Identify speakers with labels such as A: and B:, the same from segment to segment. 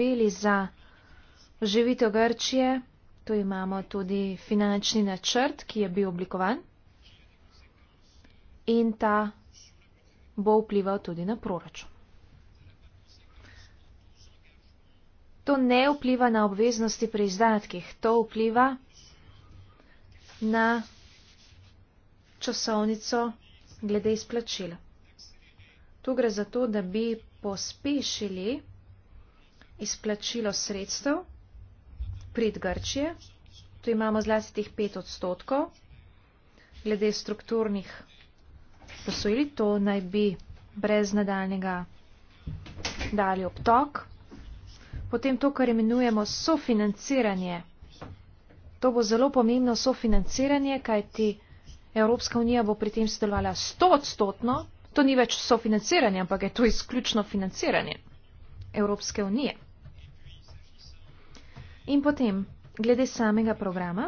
A: prispeli za živito Grčije. Tu imamo tudi finančni načrt, ki je bil oblikovan in ta bo vplival tudi na proračun. To ne vpliva na obveznosti pri izdatkih, to vpliva na časovnico glede izplačila. Tu gre za to, da bi pospešili izplačilo sredstev prid Grčije. Tu imamo zlasti teh 5 odstotkov. Glede strukturnih posojil, to naj bi brez nadaljnega dali obtok. Potem to, kar imenujemo sofinanciranje. To bo zelo pomembno sofinanciranje, kajti Evropska unija bo pri tem sodelovala 100 odstotno. To ni več sofinanciranje, ampak je to izključno financiranje Evropske unije. In potem, glede samega programa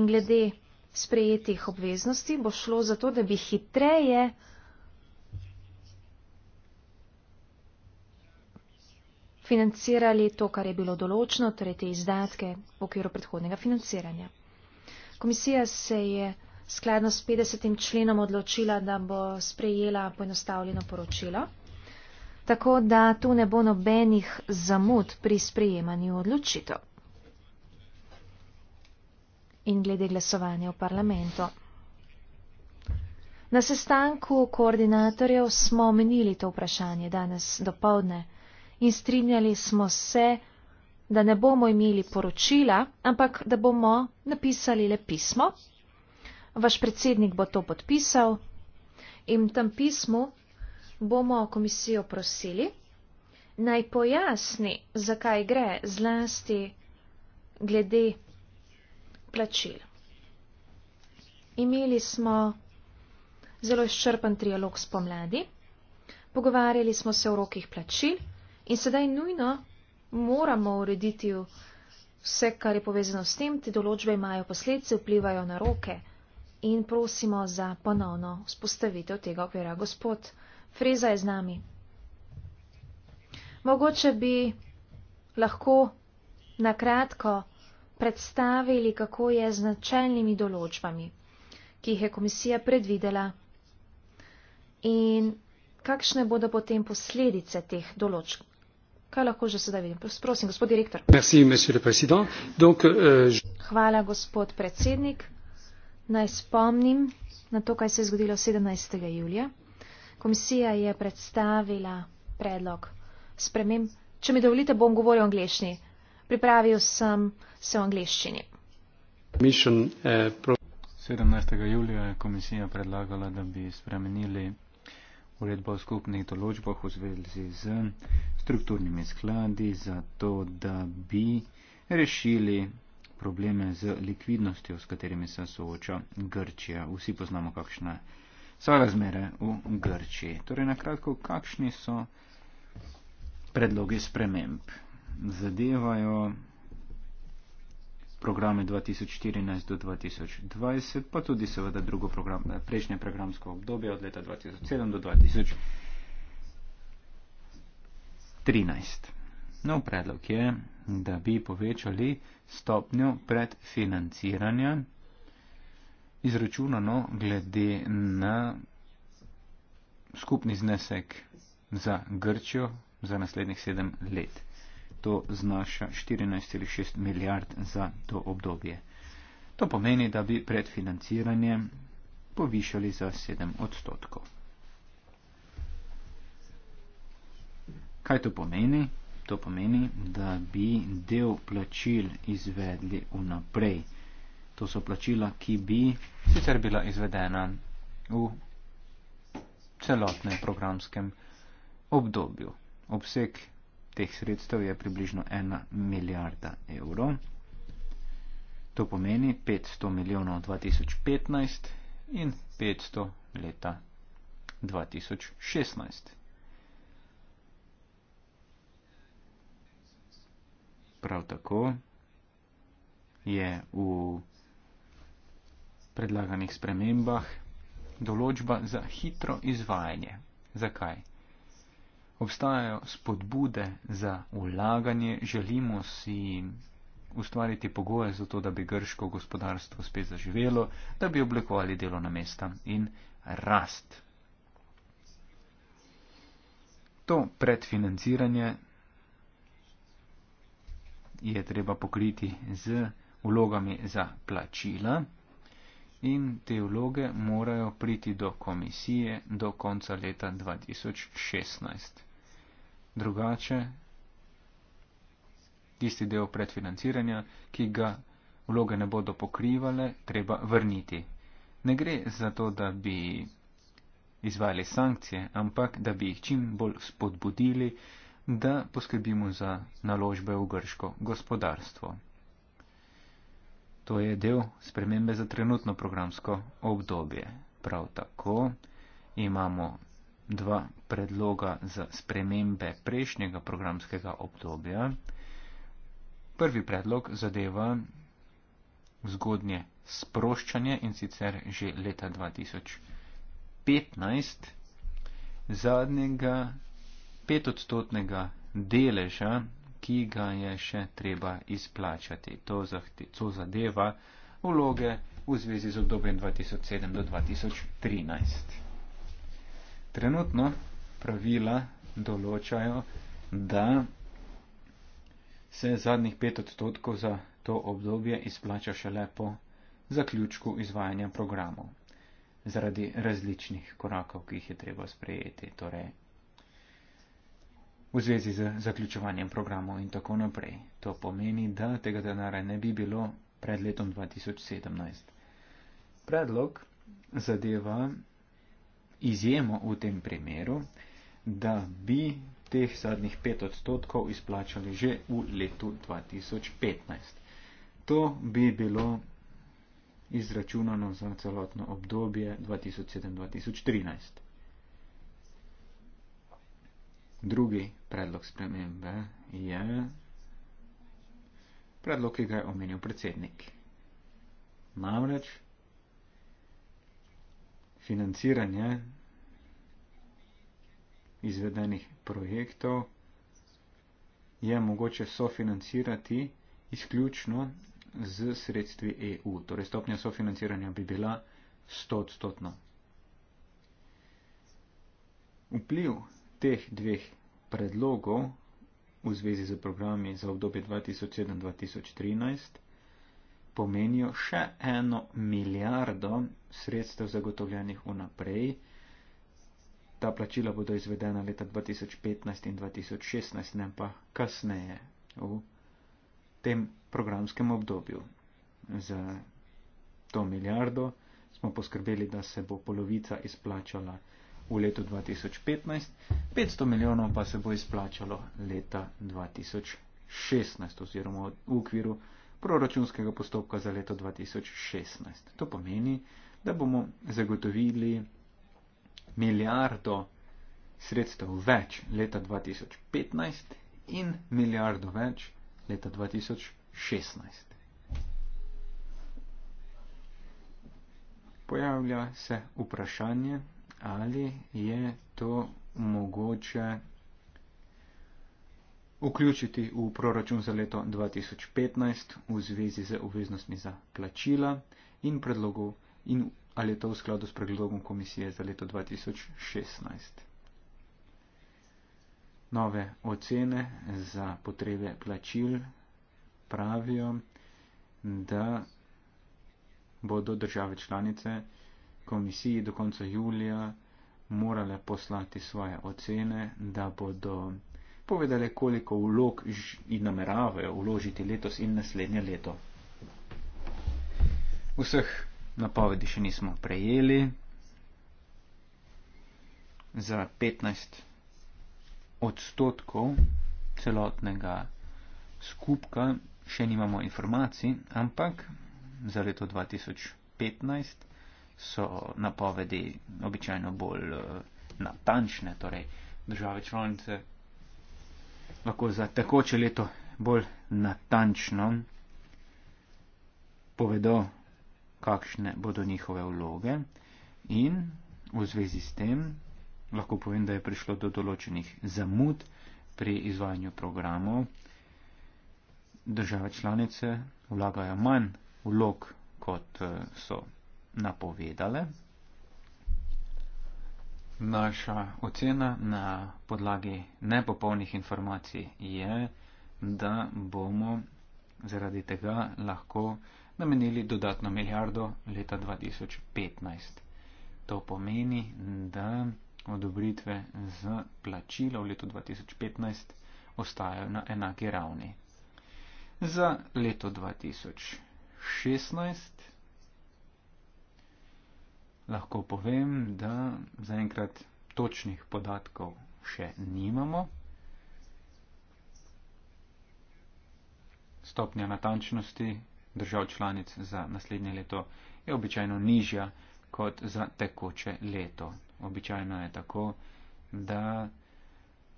A: in glede sprejetih obveznosti, bo šlo za to, da bi hitreje financirali to, kar je bilo določeno, torej te izdatke v okviru predhodnega financiranja. Komisija se je skladno s 50. členom odločila, da bo sprejela poenostavljeno poročilo tako da tu ne bo nobenih zamud pri sprejemanju odločitev. In glede glasovanja v parlamentu. Na sestanku koordinatorjev smo omenili to vprašanje danes do povdne in strinjali smo se, da ne bomo imeli poročila, ampak da bomo napisali le pismo. Vaš predsednik bo to podpisal in v tem pismu bomo komisijo prosili, naj pojasni, zakaj gre zlasti glede plačil. Imeli smo zelo izčrpen trialog spomladi, pogovarjali smo se o rokih plačil in sedaj nujno moramo urediti vse, kar je povezano s tem, te določbe imajo posledice, vplivajo na roke in prosimo za ponovno spostavitev tega okvira, gospod. Freza je z nami. Mogoče bi lahko na kratko predstavili, kako je z načeljnimi določbami, ki jih je komisija predvidela in kakšne bodo potem posledice teh določb. Kaj lahko že sedaj vidim? Prosim, gospod direktor.
B: Merci, Donc, uh,
A: Hvala, gospod predsednik. Naj spomnim na to, kaj se je zgodilo 17. julija. Komisija je predstavila predlog spremem. Če mi dovolite, bom govoril v angliščini. Pripravil sem se v angliščini.
B: 17. Eh, julija je komisija predlagala, da bi spremenili uredbo o skupnih določbah v zvezi z strukturnimi skladi, zato da bi rešili probleme z likvidnostjo, s katerimi se sooča Grčija. Vsi poznamo, kakšna je so razmere v Grčiji. Torej, nakratko, kakšni so predlogi sprememb? Zadevajo programe 2014 do 2020, pa tudi seveda drugo program, prejšnje programsko obdobje od leta 2007 do 2013. Nov predlog je, da bi povečali stopnjo predfinanciranja izračunano glede na skupni znesek za Grčjo za naslednjih sedem let. To znaša 14,6 milijard za to obdobje. To pomeni, da bi predfinanciranje povišali za 7 odstotkov. Kaj to pomeni? To pomeni, da bi del plačil izvedli vnaprej. To so plačila, ki bi sicer bila izvedena v celotnem programskem obdobju. Obseg teh sredstev je približno 1 milijarda evrov. To pomeni 500 milijonov 2015 in 500 leta 2016. Prav tako je v predlaganih spremembah določba za hitro izvajanje. Zakaj? Obstajajo spodbude za ulaganje, želimo si ustvariti pogoje za to, da bi grško gospodarstvo spet zaživelo, da bi oblikovali delovna mesta in rast. To predfinanciranje je treba pokriti z ulogami za plačila, in teologe morajo priti do komisije do konca leta 2016. Drugače, tisti del predfinanciranja, ki ga vloge ne bodo pokrivale, treba vrniti. Ne gre za to, da bi izvajali sankcije, ampak da bi jih čim bolj spodbudili, da poskrbimo za naložbe v grško gospodarstvo. To je del spremembe za trenutno programsko obdobje. Prav tako imamo dva predloga za spremembe prejšnjega programskega obdobja. Prvi predlog zadeva zgodnje sproščanje in sicer že leta 2015 zadnjega petodstotnega deleža ki ga je še treba izplačati. To, zahte, to zadeva vloge v zvezi z obdobjem 2007 do 2013. Trenutno pravila določajo, da se zadnjih pet odstotkov za to obdobje izplača šele po zaključku izvajanja programov, zaradi različnih korakov, ki jih je treba sprejeti, torej v zvezi z zaključovanjem programov in tako naprej. To pomeni, da tega denara ne bi bilo pred letom 2017. Predlog zadeva izjemo v tem primeru, da bi teh zadnjih 5 odstotkov izplačali že v letu 2015. To bi bilo izračunano za celotno obdobje 2007-2013. Drugi predlog spremembe je predlog, ki ga je omenil predsednik. Namreč financiranje izvedenih projektov je mogoče sofinancirati izključno z sredstvi EU. Torej stopnja sofinanciranja bi bila 100-odstotna. Vpliv teh dveh predlogov v zvezi z programi za obdobje 2007-2013 pomenijo še eno milijardo sredstev zagotovljenih vnaprej. Ta plačila bodo izvedena leta 2015 in 2016, ne pa kasneje v tem programskem obdobju. Za to milijardo smo poskrbeli, da se bo polovica izplačala v letu 2015, 500 milijonov pa se bo izplačalo leta 2016 oziroma v okviru proračunskega postopka za leto 2016. To pomeni, da bomo zagotovili milijardo sredstev več leta 2015 in milijardo več leta 2016. Pojavlja se vprašanje, ali je to mogoče vključiti v proračun za leto 2015 v zvezi z obveznostmi za plačila in predlogov in ali je to v skladu s predlogom komisije za leto 2016. Nove ocene za potrebe plačil pravijo, da bodo države članice komisiji do konca julija morale poslati svoje ocene, da bodo povedali, koliko vlog in nameravajo vložiti letos in naslednje leto. Vseh napovedi še nismo prejeli. Za 15 odstotkov celotnega skupka še nimamo informacij, ampak za leto 2015 so napovedi običajno bolj eh, natančne, torej države članice lahko za takoče leto bolj natančno povedo, kakšne bodo njihove vloge in v zvezi s tem lahko povem, da je prišlo do določenih zamud pri izvajanju programov. Države članice vlagajo manj vlog, kot eh, so napovedale. Naša ocena na podlagi nepopolnih informacij je, da bomo zaradi tega lahko namenili dodatno milijardo leta 2015. To pomeni, da odobritve za plačilo v letu 2015 ostajajo na enaki ravni. Za leto 2016 lahko povem, da zaenkrat točnih podatkov še nimamo. Stopnja natančnosti držav članic za naslednje leto je običajno nižja kot za tekoče leto. Običajno je tako, da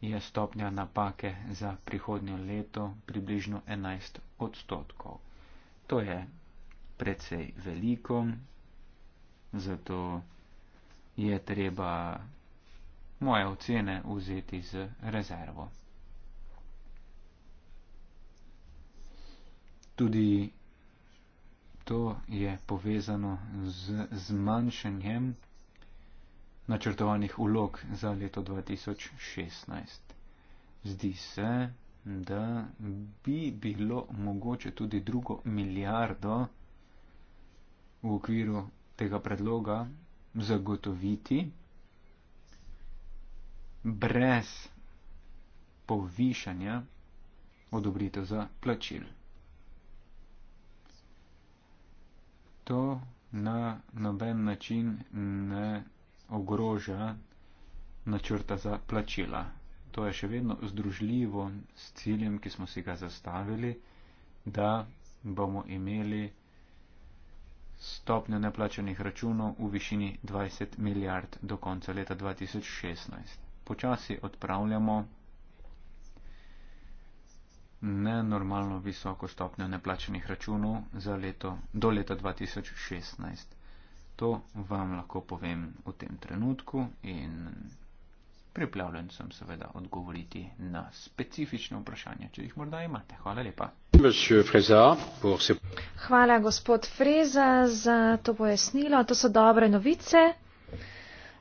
B: je stopnja napake za prihodnjo leto približno 11 odstotkov. To je precej veliko, Zato je treba moje ocene vzeti z rezervo. Tudi to je povezano z zmanjšanjem načrtovanih ulog za leto 2016. Zdi se, da bi bilo mogoče tudi drugo milijardo v okviru tega predloga zagotoviti brez povišanja odobritev za plačil. To na noben način ne ogroža načrta za plačila. To je še vedno združljivo s ciljem, ki smo si ga zastavili, da bomo imeli stopnjo neplačanih računov v višini 20 milijard do konca leta 2016. Počasi odpravljamo nenormalno visoko stopnjo neplačanih računov leto, do leta 2016. To vam lahko povem v tem trenutku in pripravljen sem seveda odgovoriti na specifične vprašanja, če jih morda imate. Hvala lepa
A: hvala gospod freza za to pojasnilo to so dobre novice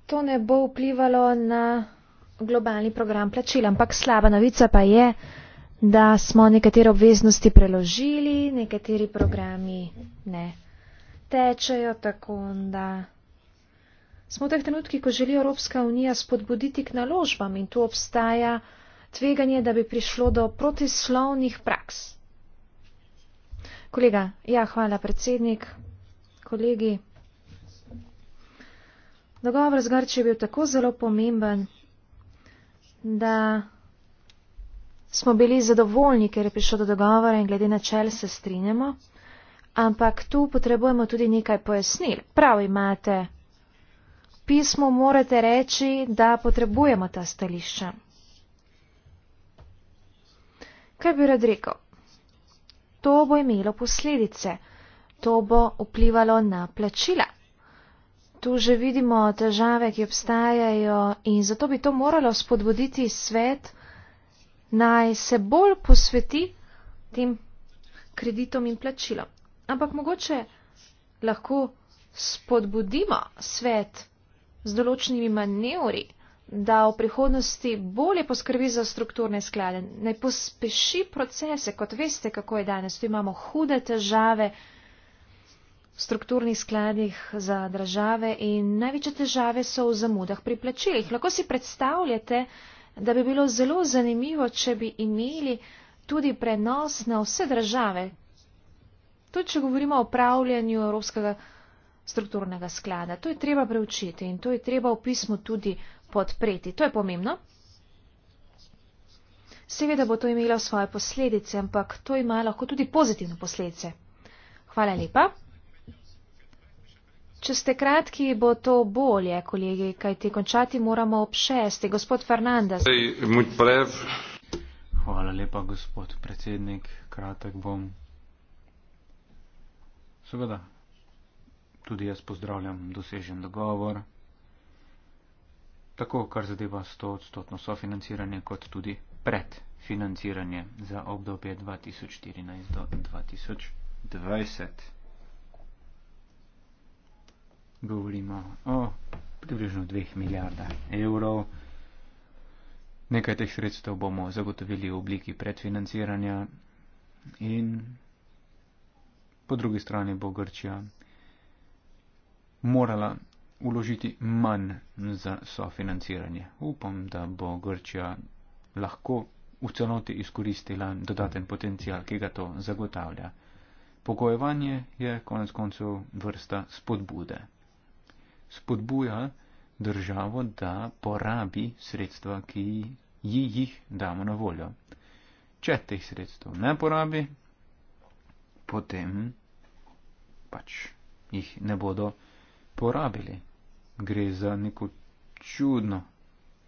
A: to ne bo vplivalo na globalni program plačila ampak slaba novica pa je da smo nekatere obveznosti preložili nekateri programi ne tečejo tako da smo v teh trenutkih ko želi Evropska unija spodbuditi k naložbam in tu obstaja tveganje da bi prišlo do protislovnih praks Kolega, ja, hvala predsednik, kolegi. Dogovor z Grčijo je bil tako zelo pomemben, da smo bili zadovoljni, ker je prišlo do dogovora in glede načel se strinjamo, ampak tu potrebujemo tudi nekaj pojasnil. Prav imate, pismo morate reči, da potrebujemo ta stališča. Kaj bi rad rekel? to bo imelo posledice. To bo vplivalo na plačila. Tu že vidimo težave, ki obstajajo in zato bi to moralo spodbuditi svet, naj se bolj posveti tem kreditom in plačilom. Ampak mogoče lahko spodbudimo svet z določenimi manevri da v prihodnosti bolje poskrbi za strukturne sklade, ne pospeši procese, kot veste, kako je danes. Tu imamo hude težave v strukturnih skladih za države in največje težave so v zamudah pri plačilih. Lahko si predstavljate, da bi bilo zelo zanimivo, če bi imeli tudi prenos na vse države. Tudi, če govorimo o upravljanju evropskega strukturnega sklada. To je treba preučiti in to je treba v pismu tudi podpreti. To je pomembno. Seveda bo to imelo svoje posledice, ampak to ima lahko tudi pozitivne posledice. Hvala lepa. Če ste kratki, bo to bolje, kolegi, kajti končati moramo ob šesti. Gospod Fernandez.
B: Hvala lepa, gospod predsednik. Kratek bom. Seveda, tudi jaz pozdravljam dosežen dogovor, tako kar zadeva 100 odstotno sofinanciranje, kot tudi predfinanciranje za obdobje 2014 do 2020. Govorimo o približno 2 milijardah evrov. Nekaj teh sredstev bomo zagotovili v obliki predfinanciranja in po drugi strani bo Grčija morala uložiti manj za sofinanciranje. Upam, da bo Grčija lahko v celoti izkoristila dodaten potencial, ki ga to zagotavlja. Pogojevanje je konec koncev vrsta spodbude. Spodbuja državo, da porabi sredstva, ki ji jih damo na voljo. Če teh sredstev ne porabi, potem pač jih ne bodo porabili. Gre za neko čudno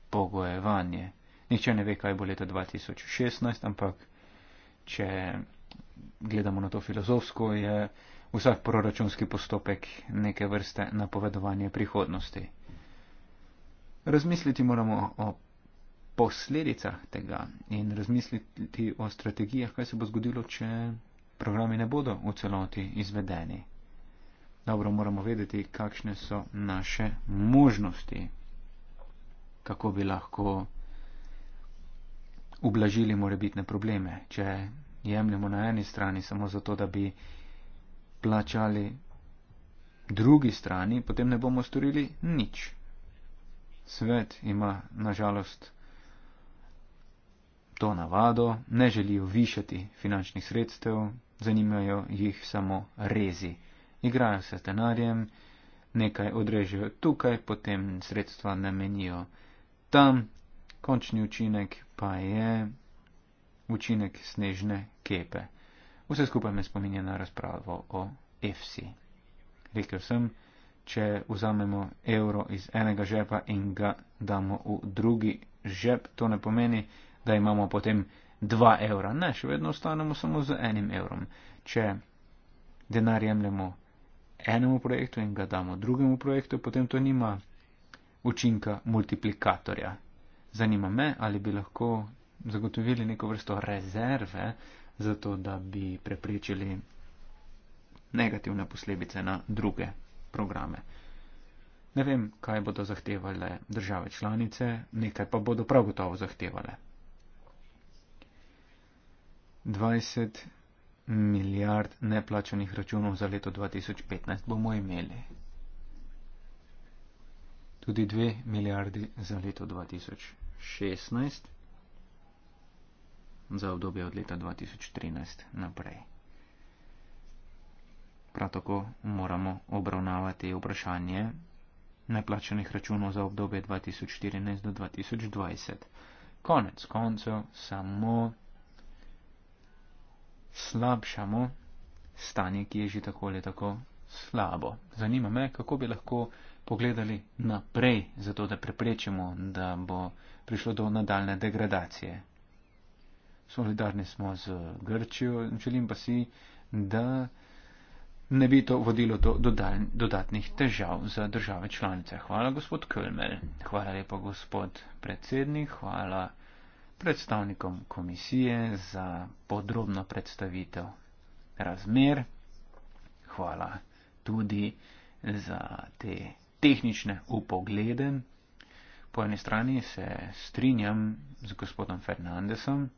B: pogojevanje. Nihče ne ve, kaj bo leta 2016, ampak če gledamo na to filozofsko, je vsak proračunski postopek neke vrste napovedovanje prihodnosti. Razmisliti moramo o posledicah tega in razmisliti o strategijah, kaj se bo zgodilo, če programi ne bodo v celoti izvedeni dobro moramo vedeti, kakšne so naše možnosti, kako bi lahko ublažili morebitne probleme. Če jemljemo na eni strani samo zato, da bi plačali drugi strani, potem ne bomo storili nič. Svet ima nažalost to navado, ne želijo višati finančnih sredstev, zanimajo jih samo rezi igrajo se z denarjem, nekaj odrežejo tukaj, potem sredstva namenijo tam, končni učinek pa je učinek snežne kepe. Vse skupaj me spominja na razpravo o EFSI. Rekel sem, če vzamemo evro iz enega žepa in ga damo v drugi žep, to ne pomeni, da imamo potem dva evra. Ne, še vedno ostanemo samo z enim evrom. Če denar jemljemo enemu projektu in ga damo drugemu projektu, potem to nima učinka multiplikatorja. Zanima me, ali bi lahko zagotovili neko vrsto rezerve, zato da bi preprečili negativne posledice na druge programe. Ne vem, kaj bodo zahtevale države članice, nekaj pa bodo prav gotovo zahtevale. 20 milijard neplačenih računov za leto 2015 bomo imeli. Tudi dve milijardi za leto 2016, za obdobje od leta 2013 naprej. Prav tako moramo obravnavati vprašanje neplačenih računov za obdobje 2014 do 2020. Konec koncev samo slabšamo stanje, ki je že tako ali tako slabo. Zanima me, kako bi lahko pogledali naprej, zato da preprečimo, da bo prišlo do nadaljne degradacije. Solidarni smo z Grčijo in želim pa si, da ne bi to vodilo do dodatnih težav za države članice. Hvala, gospod Kölmel. Hvala lepa, gospod predsednik. Hvala predstavnikom komisije za podrobno predstavitev razmer. Hvala tudi za te tehnične upoglede. Po eni strani se strinjam z gospodom Fernandesom.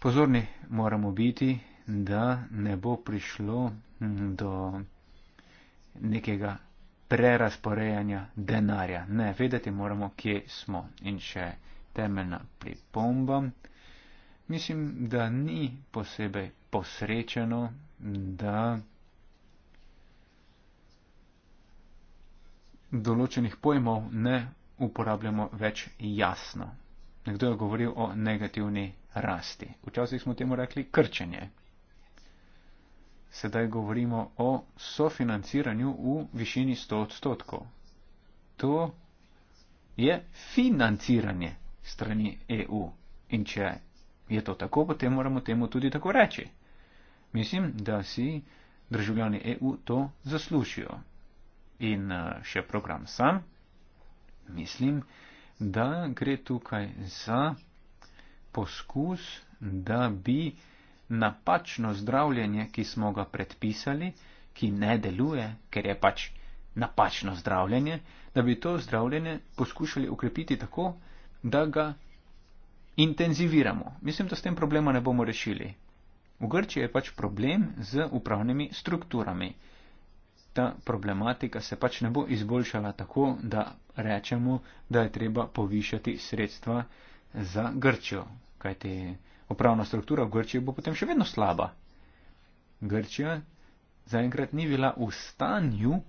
B: Pozorni moramo biti, da ne bo prišlo do nekega prerasporejanja denarja. Ne, vedeti moramo, kje smo in še temeljna pripomba. Mislim, da ni posebej posrečeno, da določenih pojmov ne uporabljamo več jasno. Nekdo je govoril o negativni rasti. Včasih smo temu rekli krčenje. Sedaj govorimo o sofinanciranju v višini 100 odstotkov. To je financiranje, strani EU. In če je to tako, potem moramo temu tudi tako reči. Mislim, da si državljani EU to zaslužijo. In eh, še program sam, mislim, da gre tukaj za poskus, da bi napačno zdravljenje, ki smo ga predpisali, ki ne deluje, ker je pač napačno zdravljenje, da bi to zdravljenje poskušali ukrepiti tako, da ga intenziviramo. Mislim, da s tem problema ne bomo rešili. V Grčiji je pač problem z upravnimi strukturami. Ta problematika se pač ne bo izboljšala tako, da rečemo, da je treba povišati sredstva za Grčijo, kajti upravna struktura v Grčiji bo potem še vedno slaba. Grčija zaenkrat ni bila v stanju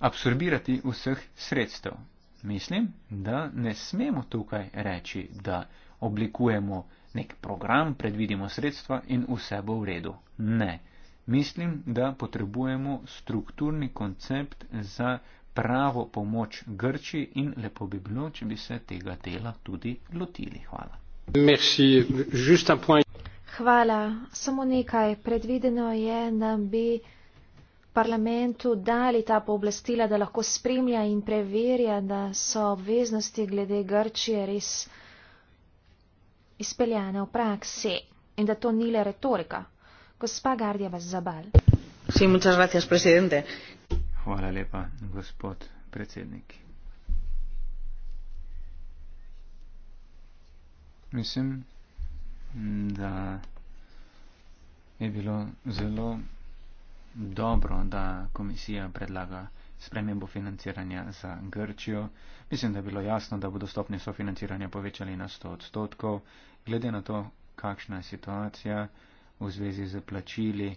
B: absorbirati vseh sredstev mislim, da ne smemo tukaj reči, da oblikujemo nek program, predvidimo sredstva in vse bo v redu. Ne. Mislim, da potrebujemo strukturni koncept za pravo pomoč Grči in lepo bi bilo, če bi se tega dela tudi lotili. Hvala.
A: Hvala. Samo nekaj. Predvideno je, da bi parlamentu dali ta pooblastila, da lahko spremlja in preverja, da so obveznosti glede Grčije res izpeljane v praksi in da to ni le retorika. Gospa Gardija Vazabal.
C: Sí, muchas gracias, presidente.
B: Hvala lepa, gospod predsednik. Mislim, da je bilo zelo dobro, da komisija predlaga spremembo financiranja za Grčijo. Mislim, da je bilo jasno, da bodo stopnje sofinanciranja povečali na 100 odstotkov. Glede na to, kakšna je situacija v zvezi z plačili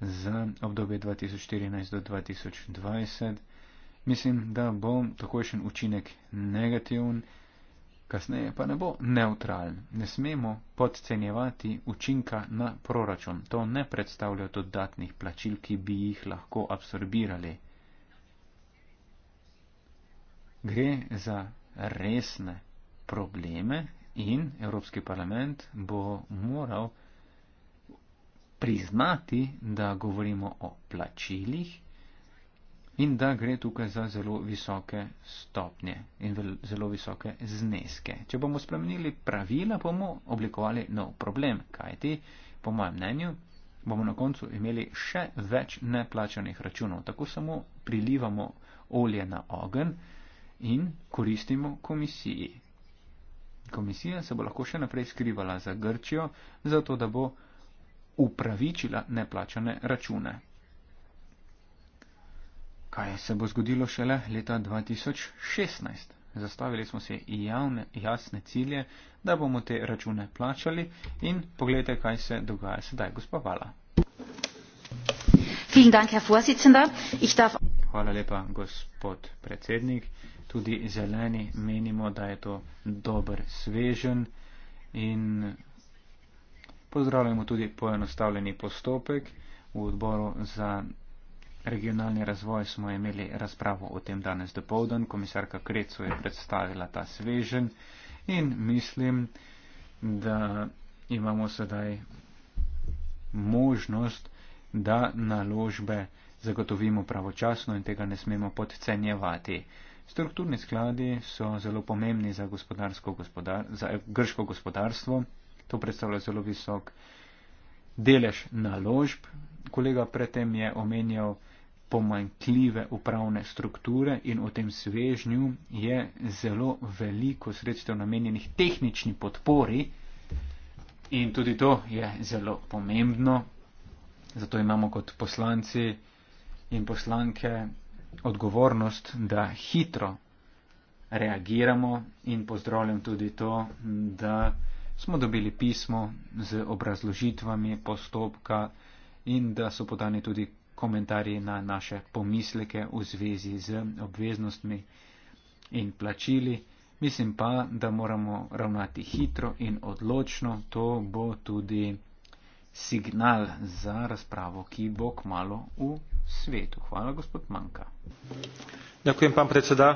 B: za obdobje 2014 do 2020, mislim, da bo takojšen učinek negativen kasneje pa ne bo neutralen. Ne smemo podcenjevati učinka na proračun. To ne predstavlja dodatnih plačil, ki bi jih lahko absorbirali. Gre za resne probleme in Evropski parlament bo moral priznati, da govorimo o plačilih, in da gre tukaj za zelo visoke stopnje in zelo visoke zneske. Če bomo spremenili pravila, bomo oblikovali nov problem, kajti, po mojem mnenju, bomo na koncu imeli še več neplačanih računov. Tako samo prilivamo olje na ogen in koristimo komisiji. Komisija se bo lahko še naprej skrivala za Grčijo, zato da bo upravičila neplačane račune kaj se bo zgodilo šele leta 2016. Zastavili smo si javne, jasne cilje, da bomo te račune plačali in pogledajte, kaj se dogaja sedaj, gospa Vala. Hvala lepa, gospod predsednik. Tudi zeleni menimo, da je to dober svežen in pozdravljamo tudi poenostavljeni postopek v odboru za regionalni razvoj smo imeli razpravo o tem danes dopovdan. Komisarka Krecu je predstavila ta svežen in mislim, da imamo sedaj možnost, da naložbe zagotovimo pravočasno in tega ne smemo podcenjevati. Strukturni skladi so zelo pomembni za, gospodar, za grško gospodarstvo. To predstavlja zelo visok delež naložb. Kolega predtem je omenjal, pomankljive upravne strukture in v tem svežnju je zelo veliko sredstev namenjenih tehnični podpori in tudi to je zelo pomembno. Zato imamo kot poslanci in poslanke odgovornost, da hitro reagiramo in pozdravljam tudi to, da smo dobili pismo z obrazložitvami postopka in da so podani tudi komentarji na naše pomisleke v zvezi z obveznostmi in plačili. Mislim pa, da moramo ravnati hitro in odločno. To bo tudi signal za razpravo, ki bo k malo v svetu. Hvala, gospod Manka. Dakujem, pan predseda.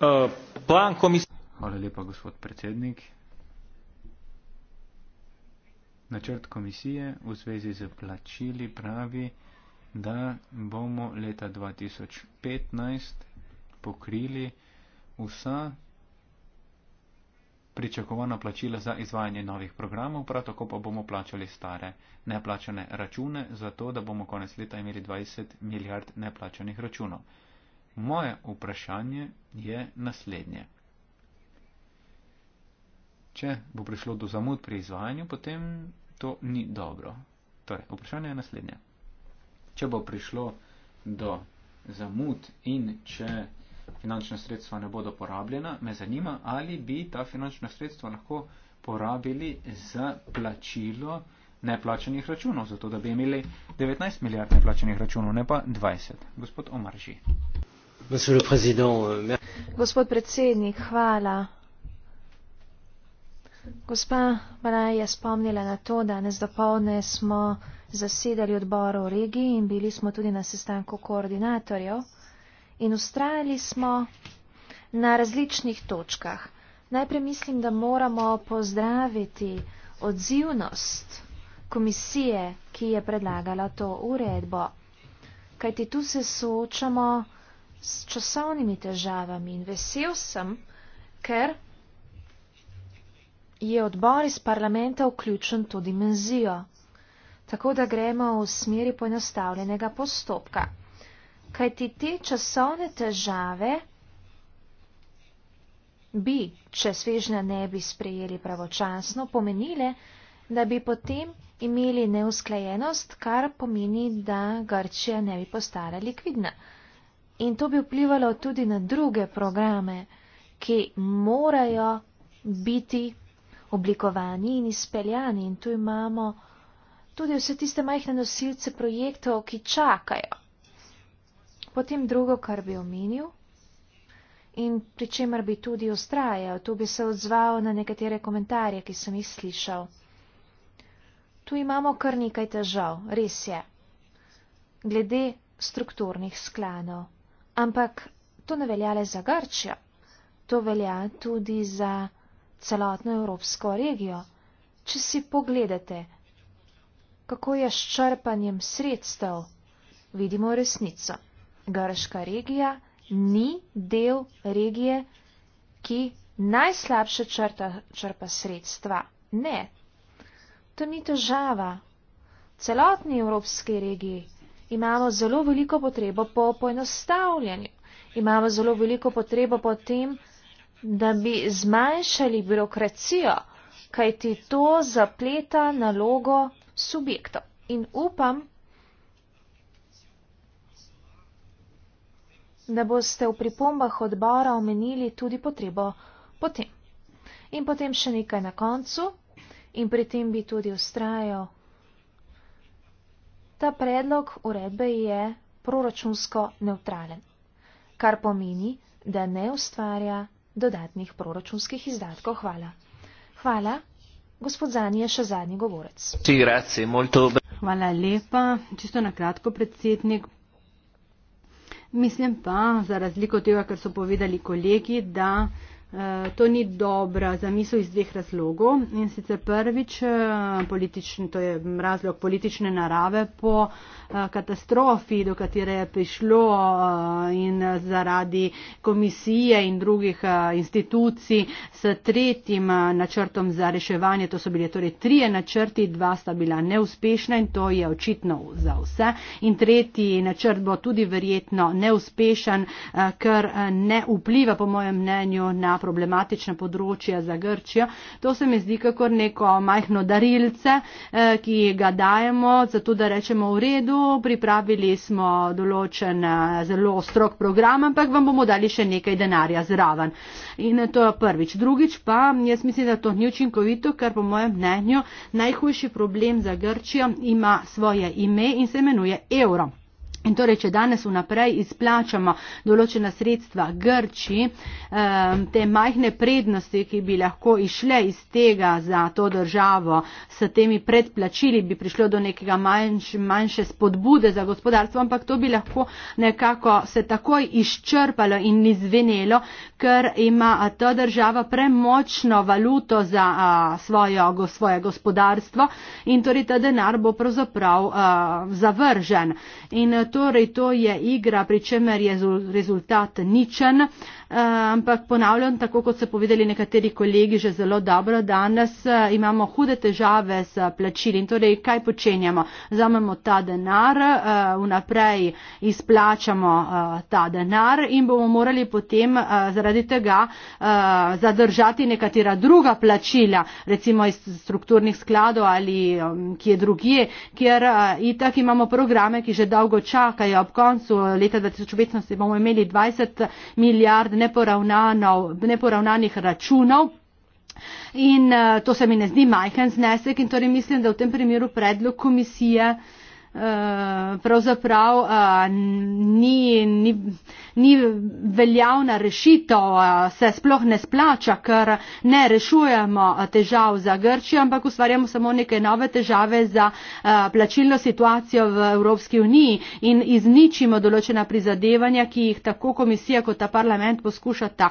B: E, Plan komisije. Hvala lepa, gospod predsednik. Načrt komisije v zvezi z plačili pravi, da bomo leta 2015 pokrili vsa pričakovana plačila za izvajanje novih programov, prav tako pa bomo plačali stare neplačane račune, zato da bomo konec leta imeli 20 milijard neplačanih računov. Moje vprašanje je naslednje. Če bo prišlo do zamud pri izvajanju, potem to ni dobro. Torej, vprašanje je naslednje če bo prišlo do zamud in če finančna sredstva ne bodo porabljena, me zanima, ali bi ta finančna sredstva lahko porabili za plačilo neplačenih računov, zato da bi imeli 19 milijard neplačenih računov, ne pa 20. Gospod Omarži. Euh,
A: Gospod predsednik, hvala. Gospa Maraj je spomnila na to, da danes dopolne smo zasedali odbor v regiji in bili smo tudi na sestanku koordinatorjev in ustrajali smo na različnih točkah. Najprej mislim, da moramo pozdraviti odzivnost komisije, ki je predlagala to uredbo, kajti tu se soočamo s časovnimi težavami in vesel sem, ker je odbor iz parlamenta vključen to dimenzijo. Tako da gremo v smeri poenostavljenega postopka. Kaj ti te časovne težave bi, če svežnja ne bi sprejeli pravočasno, pomenile, da bi potem imeli neusklajenost, kar pomeni, da Grčija ne bi postala likvidna. In to bi vplivalo tudi na druge programe, ki morajo biti oblikovani in izpeljani in tu imamo tudi vse tiste majhne nosilce projektov, ki čakajo. Potem drugo, kar bi omenil in pri čemer bi tudi ustrajal, tu bi se odzval na nekatere komentarje, ki sem jih slišal. Tu imamo kar nekaj težav, res je, glede strukturnih sklanov. Ampak to ne velja le za Grčijo, to velja tudi za celotno evropsko regijo. Če si pogledate, kako je s črpanjem sredstev, vidimo resnico. Grška regija ni del regije, ki najslabše črta, črpa sredstva. Ne, to ni težava. V celotni evropski regiji imamo zelo veliko potrebo po poenostavljanju. Imamo zelo veliko potrebo po tem, da bi zmanjšali birokracijo, kaj ti to zapleta nalogo subjekta. In upam, da boste v pripombah odbora omenili tudi potrebo potem. In potem še nekaj na koncu in pri tem bi tudi ustrajal. Ta predlog uredbe je proračunsko neutralen, kar pomeni, da ne ustvarja dodatnih proračunskih izdatkov. Hvala. Hvala.
C: Gospod Zani je še zadnji govorec. Hvala lepa. Čisto na kratko, predsednik. Mislim pa, za razliko od tega, kar so povedali kolegi, da. Eh, to ni dobra zamisel iz dveh razlogov. In sicer prvič, eh, politični, to je razlog politične narave po eh, katastrofi, do katere je prišlo in zaradi komisije in drugih institucij s tretjim načrtom za reševanje. To so bile torej trije načrti, dva sta bila neuspešna in to je očitno za vse. In tretji načrt bo tudi verjetno neuspešen, ker ne vpliva po mojem mnenju na problematična področja za Grčijo. To se mi zdi kakor neko majhno darilce, eh, ki ga dajemo, zato da rečemo v redu, pripravili smo določen eh, zelo strok program, ampak vam bomo dali še nekaj denarja zraven. In to je prvič. Drugič pa, jaz mislim, da to ni učinkovito, ker po mojem mnenju najhujši problem za Grčijo ima svoje ime in se imenuje evro. In torej, če danes vnaprej izplačamo določena sredstva Grči, ehm, te majhne prednosti, ki bi lahko išle iz tega za to državo, s temi predplačili bi prišlo do nekega manjš, manjše spodbude za gospodarstvo, ampak to bi lahko nekako se takoj izčrpalo in izvenelo, ker ima ta država premočno valuto za a, svojo, go, svoje gospodarstvo in torej ta denar bo pravzaprav a, zavržen. In, torej to je igra, pri čemer je rezultat ničen. Eh, ampak ponavljam, tako kot so povedali nekateri kolegi že zelo dobro, danes eh, imamo hude težave s plačili in torej kaj počenjamo? Zamemo ta denar, eh, vnaprej izplačamo ta denar in bomo morali potem zaradi tega zadržati nekatera druga plačila, recimo iz strukturnih skladov ali um, kje drugje, ker itak imamo programe, ki že dolgo čakajo. Ob koncu leta 2015 bomo imeli 20 milijard neporavnanih računov. In uh, to se mi ne zdi majhen znesek in torej mislim, da v tem primeru predlog komisije uh, pravzaprav uh, ni. ni ni veljavna rešitev, se sploh ne splača, ker ne rešujemo težav za Grčijo, ampak ustvarjamo samo neke nove težave za plačilno situacijo v Evropski uniji in izničimo določena prizadevanja, ki jih tako komisija kot ta parlament poskušata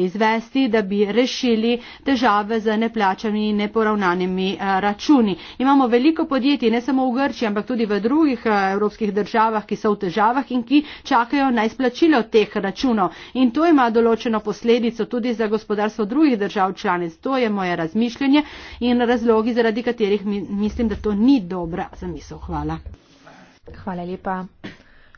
C: izvesti, da bi rešili težave z neplačanimi in neporavnanimi računi. Imamo veliko podjetij, ne samo v Grčiji, ampak tudi v drugih evropskih državah, ki so v težavah in ki čakajo na izplačilo izplačilo teh računov in to ima določeno posledico tudi za gospodarstvo drugih držav članic. To je moje razmišljanje in razlogi, zaradi katerih mislim, da to ni dobra zamisel. Hvala. Hvala lepa.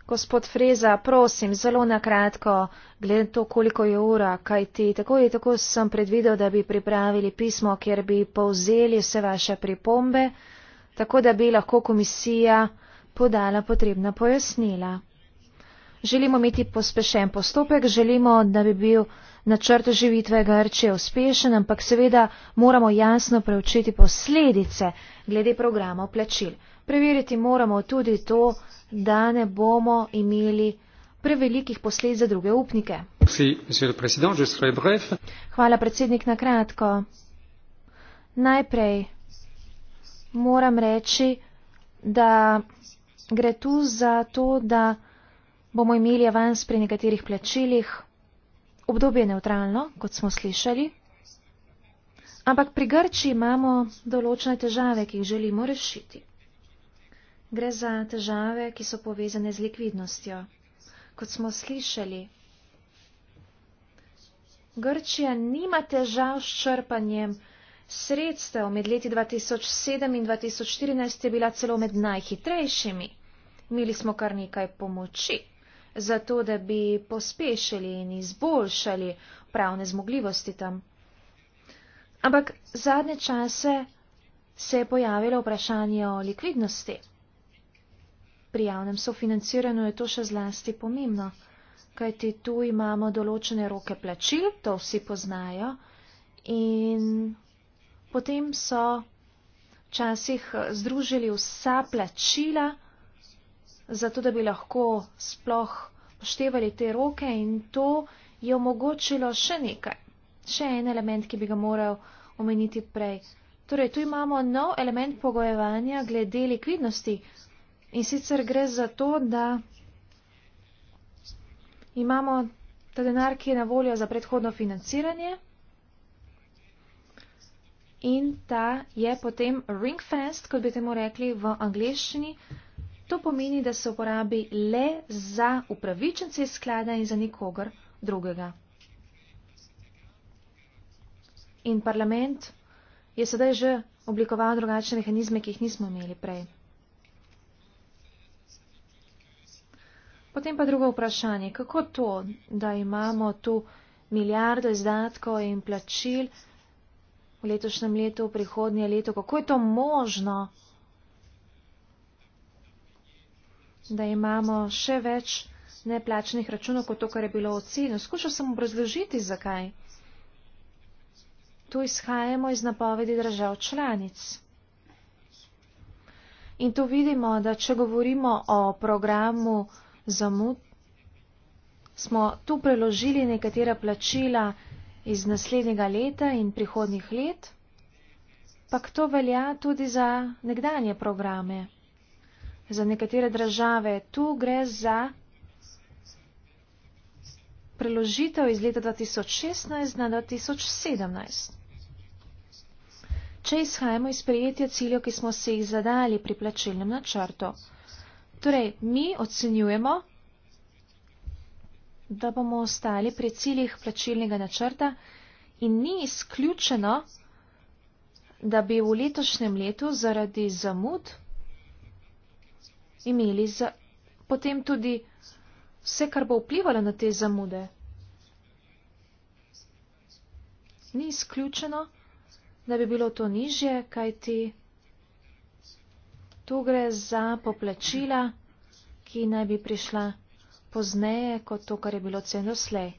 A: Gospod Freza, prosim, zelo na kratko, glede to, koliko je ura, kaj ti, tako je, tako sem predvidel, da bi pripravili pismo, kjer bi povzeli vse vaše pripombe, tako da bi lahko komisija podala potrebna pojasnila želimo imeti pospešen postopek, želimo, da bi bil načrt oživitve Grče uspešen, ampak seveda moramo jasno preučiti posledice glede programa plačil. Preveriti moramo tudi to, da ne bomo imeli prevelikih posledic za druge upnike. Hvala, predsednik, na kratko. Najprej moram reči, da gre tu za to, da bomo imeli avans pri nekaterih plačilih, obdobje je neutralno, kot smo slišali, ampak pri Grči imamo določene težave, ki jih želimo rešiti. Gre za težave, ki so povezane z likvidnostjo. Kot smo slišali, Grčija nima težav s črpanjem sredstev. Med leti 2007 in 2014 je bila celo med najhitrejšimi. Imeli smo kar nekaj pomoči zato da bi pospešili in izboljšali pravne zmogljivosti tam. Ampak zadnje čase se je pojavilo vprašanje o likvidnosti. Pri javnem sofinanciranju je to še zlasti pomembno, kajti tu imamo določene roke plačil, to vsi poznajo, in potem so včasih združili vsa plačila, zato da bi lahko sploh poštevali te roke in to je omogočilo še nekaj, še en element, ki bi ga moral omeniti prej. Torej, tu imamo nov element pogojevanja glede likvidnosti in sicer gre za to, da imamo ta denar, ki je na voljo za predhodno financiranje in ta je potem ring fast, kot bi temu rekli v angliščini, to pomeni, da se uporabi le za upravičence iz sklada in za nikogar drugega. In parlament je sedaj že oblikoval drugačne mehanizme, ki jih nismo imeli prej. Potem pa drugo vprašanje, kako to, da imamo tu milijardo izdatkov in plačil v letošnjem letu, v prihodnje leto, kako je to možno? da imamo še več neplačnih računov kot to, kar je bilo ocenjeno. Skušal sem obrazložiti, zakaj. Tu izhajamo iz napovedi držav članic. In tu vidimo, da če govorimo o programu zamud, smo tu preložili nekatera plačila iz naslednjega leta in prihodnih let, pa to velja tudi za nekdanje programe za nekatere države. Tu gre za preložitev iz leta 2016 na 2017. Če izhajamo iz prijetja ciljev, ki smo se jih zadali pri plačilnem načrtu. Torej, mi ocenjujemo, da bomo ostali pri ciljih plačilnega načrta in ni izključeno, da bi v letošnjem letu zaradi zamud imeli za, potem tudi vse, kar bo vplivalo na te zamude. Ni izključeno, da bi bilo to nižje, kaj ti tu gre za poplačila, ki naj bi prišla pozneje, kot to, kar je bilo cen doslej.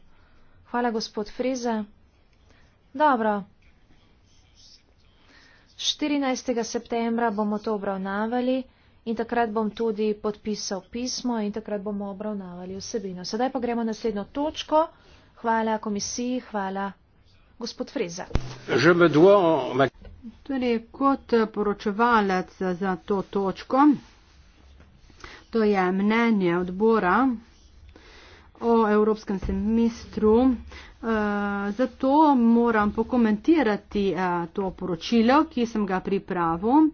A: Hvala, gospod Freza. Dobro. 14. septembra bomo to obravnavali in takrat bom tudi podpisal pismo in takrat bomo obravnavali vsebino. Sedaj pa gremo na naslednjo točko.
C: Hvala komisiji, hvala gospod Freza. Torej, kot poročevalec za to točko, to je mnenje odbora o evropskem semestru. Eh, zato moram pokomentirati eh, to poročilo, ki sem ga pripravil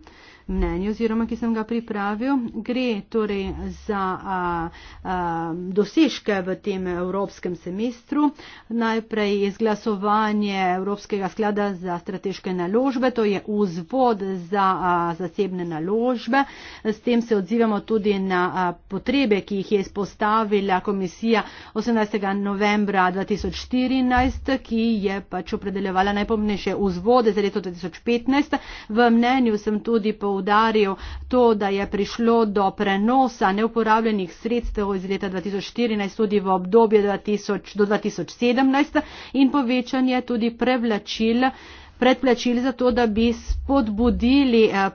C: mnenju oziroma ki sem ga pripravil. Gre torej za a, a, dosežke v tem evropskem semestru. Najprej izglasovanje Evropskega sklada za strateške naložbe, to je vzvod za a, zasebne naložbe. S tem se odzivamo tudi na a, potrebe, ki jih je izpostavila komisija 18. novembra 2014, ki je pač opredeljevala najpomnejše vzvode za leto 2015. V mnenju sem tudi povzročila, poudaril to, da je prišlo do prenosa neuporabljenih sredstev iz leta 2014 tudi v obdobje 2000, do 2017 in povečanje tudi prevlačil predplačil za to, da bi spodbudili eh,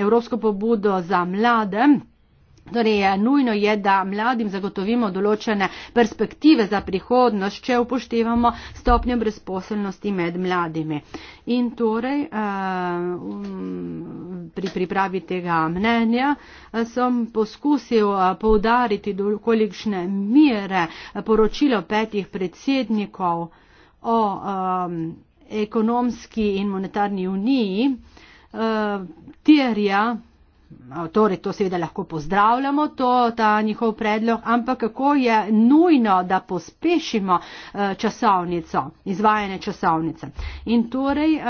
C: Evropsko pobudo za mlade Torej, eh, nujno je, da mladim zagotovimo določene perspektive za prihodnost, če upoštevamo stopnjo brezposelnosti med mladimi. In torej, eh, um, pri pripravi tega mnenja eh, sem poskusil poudariti, do kolikšne mire poročilo petih predsednikov o um, ekonomski in monetarni uniji terja No, torej, to seveda lahko pozdravljamo, to, ta njihov predlog, ampak kako je nujno, da pospešimo eh, časovnico, izvajanje časovnice. In torej ehm,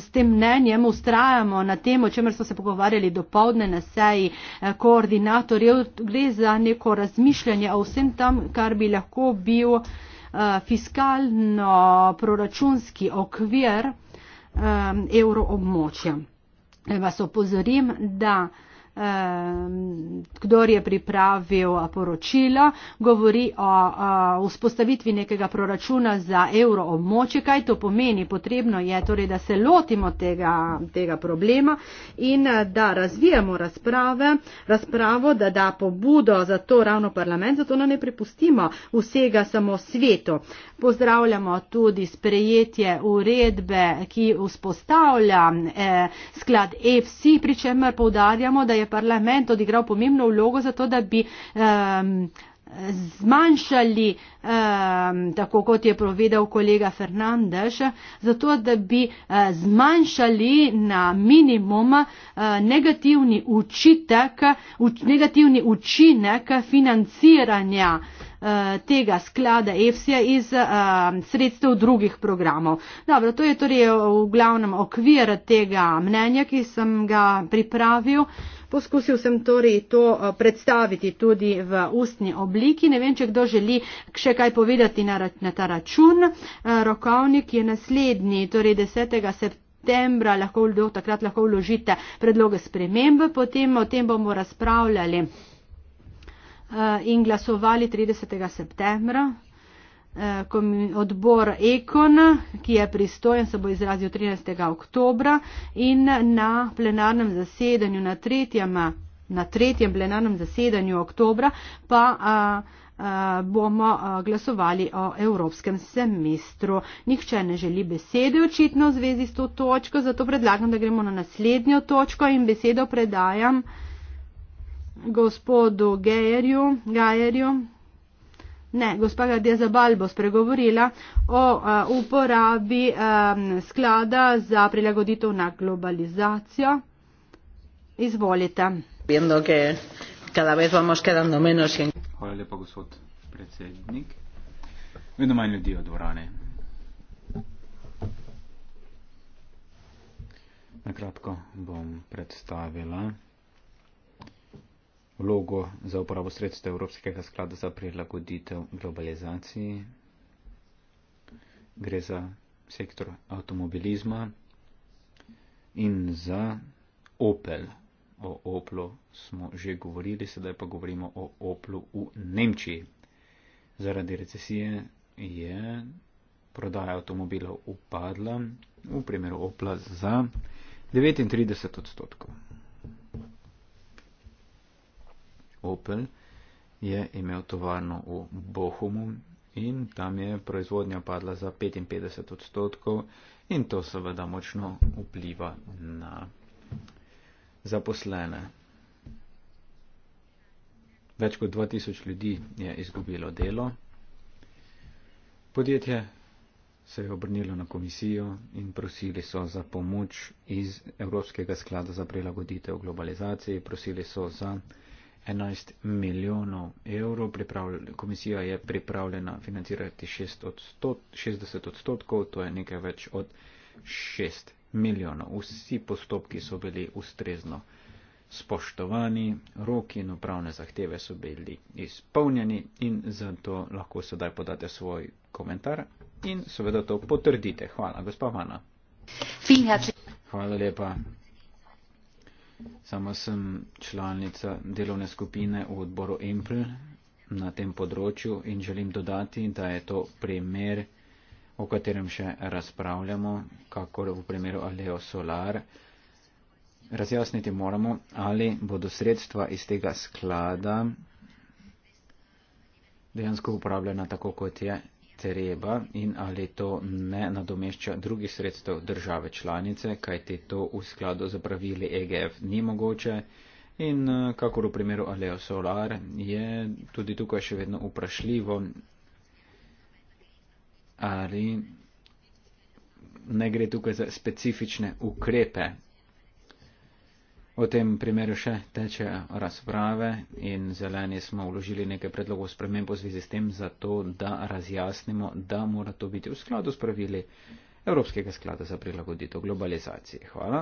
C: s tem mnenjem ustrajamo na tem, o čemer smo se pogovarjali do povdne na seji eh, koordinatorjev, gre za neko razmišljanje o vsem tam, kar bi lahko bil eh, fiskalno-proračunski okvir ehm, evroobmočja vas opozorim, da kdor je pripravil poročilo, govori o vzpostavitvi nekega proračuna za evro območje, kaj to pomeni. Potrebno je torej, da se lotimo tega, tega problema in da razvijamo razprave, razpravo, da da pobudo za to ravno parlament, zato ne prepustimo vsega samo svetu. Pozdravljamo tudi sprejetje uredbe, ki vzpostavlja eh, sklad EFSI, pri čemer poudarjamo, da je parlament odigral pomembno vlogo za to, da bi um, zmanjšali, um, tako kot je povedal kolega Fernandes, zato, da bi uh, zmanjšali na minimum uh, negativni, učitek, uč, negativni učinek financiranja uh, Eh, tega sklada EFSI-ja iz eh, sredstev drugih programov. Dobro, to je torej v glavnem okvir tega mnenja, ki sem ga pripravil. Poskusil sem torej to eh, predstaviti tudi v ustni obliki. Ne vem, če kdo želi še kaj povedati na, na ta račun. Rokovnik je naslednji, torej 10. septembra. Lahko, do takrat lahko vložite predloge spremembe, potem o tem bomo razpravljali. Eh, in glasovali 30. septembra. Eh, odbor Ekon, ki je pristojen, se bo izrazil 13. oktobra in na plenarnem zasedanju, na tretjem, na tretjem plenarnem zasedanju oktobra, pa a, eh, a, bomo glasovali o evropskem semestru. Nihče ne želi besede očitno v zvezi s to točko, zato predlagam, da gremo na naslednjo točko in besedo predajam gospodu Gejerju, Gajerju, ne, gospa Gadija Zabal bo spregovorila o a, uporabi a, sklada za prilagoditev na globalizacijo. Izvolite.
B: Hvala lepa, gospod predsednik. Vedno manj ljudi od dvorane. Na kratko bom predstavila vlogo za uporabo sredstev Evropskega sklada za prilagoditev globalizaciji. Gre za sektor avtomobilizma in za Opel. O Oplu smo že govorili, sedaj pa govorimo o Oplu v Nemčiji. Zaradi recesije je prodaja avtomobilov upadla v primeru Opla za 39 odstotkov. Opel je imel tovarno v Bohumu in tam je proizvodnja padla za 55 odstotkov in to seveda močno vpliva na zaposlene. Več kot 2000 ljudi je izgubilo delo. Podjetje se je obrnilo na komisijo in prosili so za pomoč iz Evropskega sklada za prilagoditev globalizaciji. Prosili so za 11 milijonov evrov. Komisija je pripravljena financirati 60 odstotkov, to je nekaj več od 6 milijonov. Vsi postopki so bili ustrezno spoštovani, roki in upravne zahteve so bili izpolnjeni in zato lahko sedaj podate svoj komentar in seveda to potrdite. Hvala, gospa Hanna. Ja, Hvala lepa. Sama sem članica delovne skupine v odboru EMPL na tem področju in želim dodati, da je to primer, o katerem še razpravljamo, kakor v primeru Aleo Solar. Razjasniti moramo, ali bodo sredstva iz tega sklada dejansko upravljena tako, kot je treba in ali to ne nadomešča drugih sredstev države članice, kajti to v skladu z pravili EGF ni mogoče. In eh, kakor v primeru Aleo Solar je tudi tukaj še vedno vprašljivo, ali ne gre tukaj za specifične ukrepe V tem primeru še tečejo razprave in zeleni smo vložili nekaj predlogov sprememb v zvezi s tem, zato da razjasnimo, da mora to biti v skladu s pravili Evropskega sklada za prilagoditev globalizaciji. Hvala.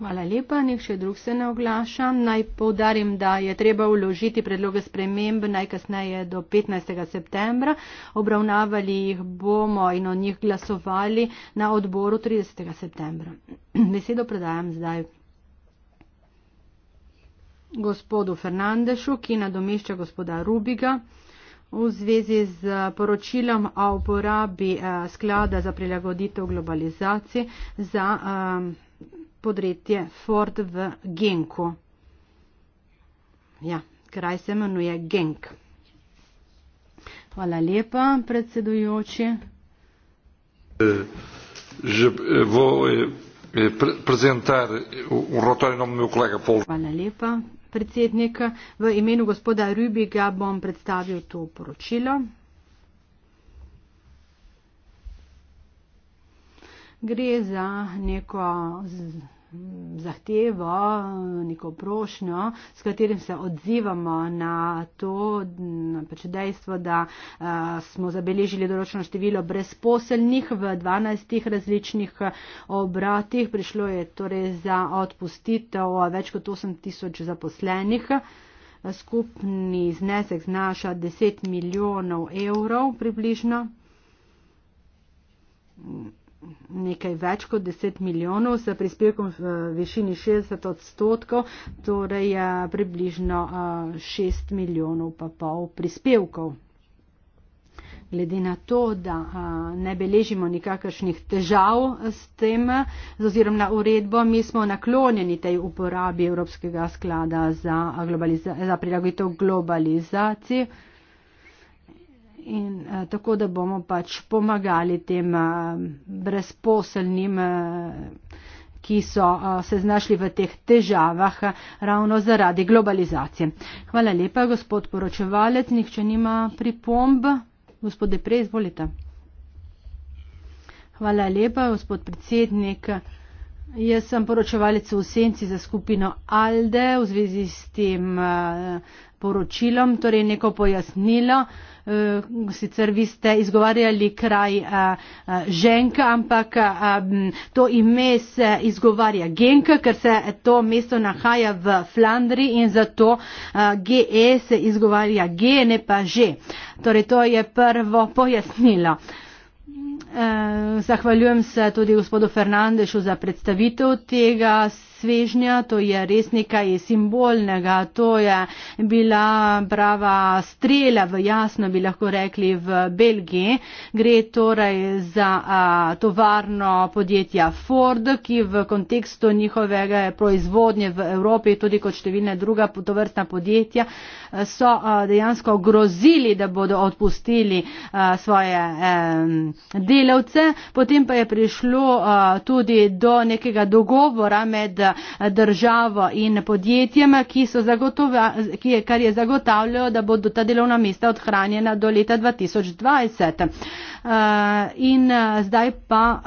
C: Hvala lepa, nek še drug se ne oglaša. Naj povdarim, da je treba vložiti predloge sprememb najkasneje do 15. septembra. Obravnavali jih bomo in o njih glasovali na odboru 30. septembra. Besedo predajam zdaj gospodu Fernandešu, ki nadomešča gospoda Rubiga v zvezi z poročilom o uporabi eh, sklada za prilagoditev globalizaciji za eh, podretje Ford v Genku. Ja, kraj se imenuje Genk. Hvala lepa, predsedujoči.
B: Eh, že bo
A: prezentar v rotojnom mi kolega Polž.
C: Hvala lepa, predsednik. V imenu gospoda Rübiga bom predstavil to poročilo. gre za neko zahtevo, neko prošnjo, s katerim se odzivamo na to na pač dejstvo, da a, eh, smo zabeležili določeno število brezposelnih v 12 različnih eh, obratih. Prišlo je torej za odpustitev več kot 8 tisoč zaposlenih. Skupni znesek znaša 10 milijonov evrov približno nekaj več kot 10 milijonov s prispevkom v višini 60 odstotkov, torej je ja, približno 6 milijonov pa pol prispevkov. Glede na to, da ne beležimo nikakršnih težav s tem, z ozirom na uredbo, mi smo naklonjeni tej uporabi Evropskega sklada za, za prilagoditev globalizaciji in uh, tako da bomo pač pomagali tem uh, brezposelnim, uh, ki so uh, se znašli v teh težavah uh, ravno zaradi globalizacije. Hvala lepa, gospod poročevalec. Nihče nima pripomb. Gospode, prej izvolite. Hvala lepa, gospod predsednik. Jaz sem poročevalec v senci za skupino ALDE v zvezi s tem. Uh, poročilom, torej neko pojasnilo. Eh, sicer vi ste izgovarjali kraj eh, eh, Ženka, ampak to ime se izgovarja Genka, ker se to mesto nahaja v Flandri in zato GE se izgovarja G, ne pa Ž. Torej to je prvo pojasnilo. Eh, zahvaljujem se tudi gospodu Fernandešu za predstavitev tega svežnja. To je res nekaj simbolnega. To je bila prava strela v jasno, bi lahko rekli, v Belgiji. Gre torej za tovarno podjetja Ford, ki v kontekstu njihovega proizvodnje v Evropi, tudi kot številne druga tovrstna podjetja, so dejansko grozili, da bodo odpustili svoje delo delavce, potem pa je prišlo uh, tudi do nekega dogovora med uh, državo in podjetjem, ki so zagotovili, kar je zagotavljalo, da bodo ta delovna mesta odhranjena do leta 2020. Eh, in eh, zdaj pa uh,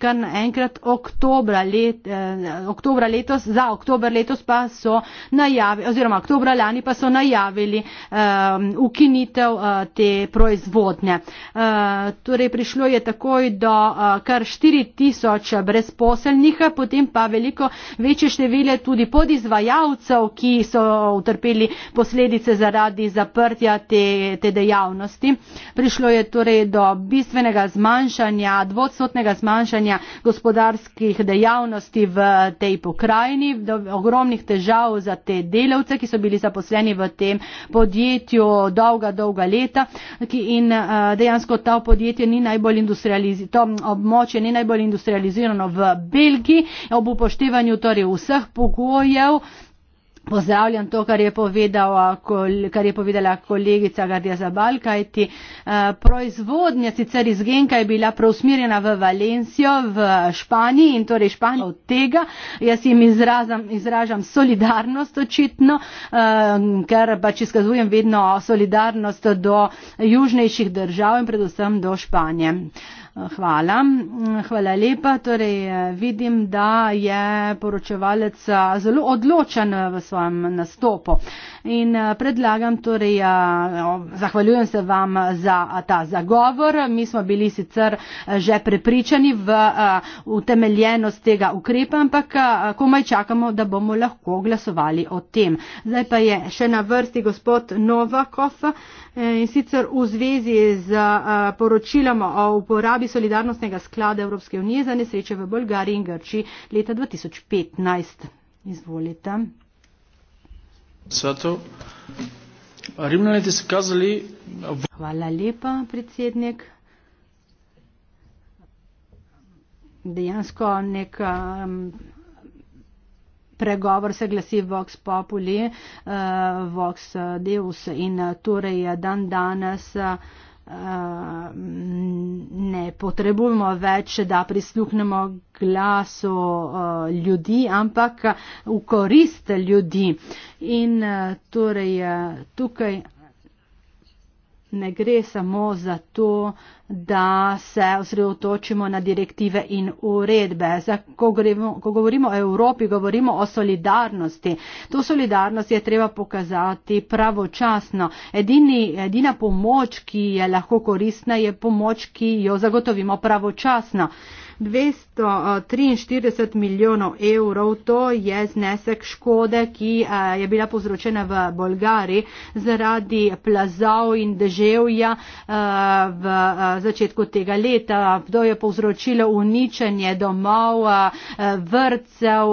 C: kar naenkrat oktobra, let, uh, oktobra letos, za oktober letos pa so najavili, oziroma oktobra lani pa so najavili uh, ukinitev uh, te proizvodnje. Uh, torej prišlo je takoj do uh, kar 4000 brezposelnih, potem pa veliko večje števile tudi podizvajalcev, ki so utrpeli posledice zaradi zaprtja te, te dejavnosti. Prišlo je torej do do bistvenega zmanjšanja, dvodstotnega zmanjšanja gospodarskih dejavnosti v tej pokrajini, do ogromnih težav za te delavce, ki so bili zaposleni v tem podjetju dolga, dolga leta ki, in eh, dejansko ta podjetje ni najbolj industrializirano, to območje ni najbolj industrializirano v Belgiji, ob upoštevanju torej vseh pogojev. Pozdravljam to, kar je, povedal, kar je povedala kolegica Gardija Zabal, kajti eh, proizvodnja sicer iz Genka je bila preusmirjena v Valencijo v Španiji in torej Španija od tega. Jaz jim izrazam, izražam solidarnost očitno, eh, ker pač izkazujem vedno solidarnost do južnejših držav in predvsem do Španije. Hvala. Hvala lepa. Torej, vidim, da je poročevalec zelo odločen v svojem nastopu. In predlagam, torej, zahvaljujem se vam za ta zagovor. Mi smo bili sicer že prepričani v utemeljenost tega ukrepa, ampak komaj čakamo, da bomo lahko glasovali o tem. Zdaj pa je še na vrsti gospod Novakov e, in sicer v zvezi z poročilom o uporabi solidarnostnega sklada Evropske unije za nesreče v Bolgariji in Grčiji leta 2015. Izvolite. Sato. Rimljani ste kazali. Hvala lepa, predsednik. Dejansko nek um, pregovor se glasi Vox Populi, uh, Vox eh, Deus in eh, torej dan danes. Uh, Ehm, ne potrebujemo več, da prisluhnemo glasu eh, ljudi, ampak v korist ljudi. In eh, torej eh, tukaj ne gre samo za to, da se osredotočimo na direktive in uredbe. Za, ko, govorimo, ko govorimo o Evropi, govorimo o solidarnosti. To solidarnost je treba pokazati pravočasno. Edini, edina pomoč, ki je lahko koristna, je pomoč, ki jo zagotovimo pravočasno. 243 milijonov evrov, to je znesek škode, ki eh, je bila povzročena v Bolgari zaradi plazov in deževja eh, v eh, začetku tega leta. To je povzročilo uničenje domov, vrtcev,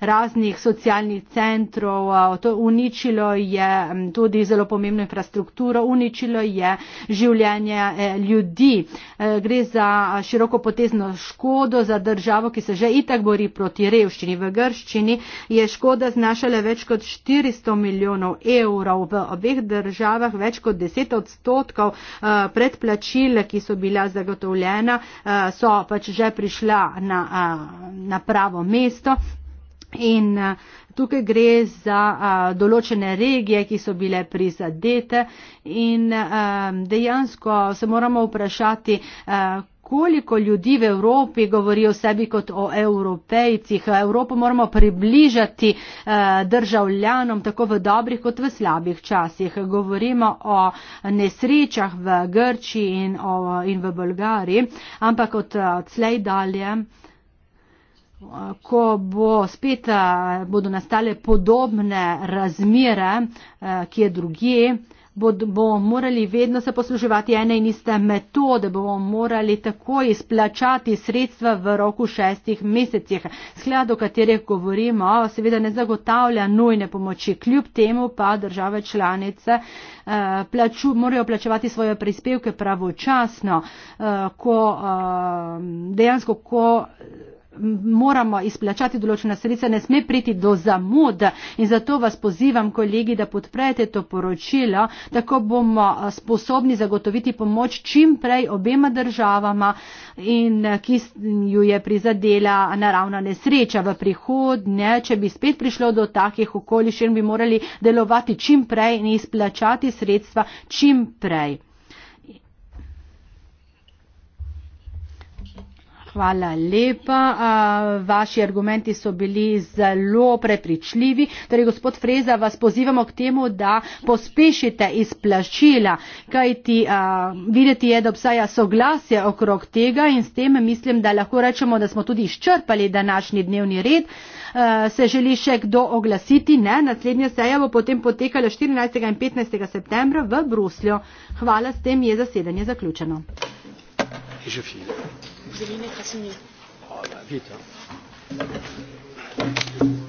C: raznih socialnih centrov, to uničilo je tudi zelo pomembno infrastrukturo, uničilo je življenje ljudi. Gre za široko potezno dodatno škodo za državo, ki se že itak bori proti revščini v Grščini, je škoda znašala več kot 400 milijonov evrov v obeh državah, več kot 10 odstotkov eh, predplačile, ki so bila zagotovljena, eh, so pač že prišla na, eh, na pravo mesto. In tukaj gre za a, določene regije, ki so bile prizadete in a, dejansko se moramo vprašati, a, koliko ljudi v Evropi govori o sebi kot o evropejcih. Evropo moramo približati eh, državljanom tako v dobrih kot v slabih časih. Govorimo o nesrečah v Grčiji in, o, in v Bolgariji, ampak od slej dalje. Eh, ko bo spet, eh, bodo nastale podobne razmire, ki je drugi, bomo morali vedno se posluževati ene in iste metode, bomo morali takoj izplačati sredstva v roku šestih mesecih. Sklad, o katerih govorimo, seveda ne zagotavlja nujne pomoči, kljub temu pa države članice eh, plaču, morajo plačevati svoje prispevke pravočasno, eh, ko eh, dejansko, ko moramo izplačati določena sredstva, ne sme priti do zamud in zato vas pozivam, kolegi, da podprete to poročilo, tako bomo eh, sposobni zagotoviti pomoč čim prej obema državama in eh, ki ju je prizadela naravna nesreča v prihodnje, če bi spet prišlo do takih okoliščin, bi morali delovati čim prej in izplačati sredstva čim prej. hvala lepa. Vaši argumenti so bili zelo prepričljivi. Torej, gospod Freza, vas pozivamo k temu, da pospešite izplačila, kajti videti je, da obstaja soglasje okrog tega in s tem mislim, da lahko rečemo, da smo tudi izčrpali današnji dnevni red. Se želi še kdo oglasiti? Ne, naslednja seja bo potem potekala 14. in 15. septembra v Bruslju. Hvala, s tem je zasedanje zaključeno.
A: Je že fil gospod predsednik spoštovane kolegice in kolegi.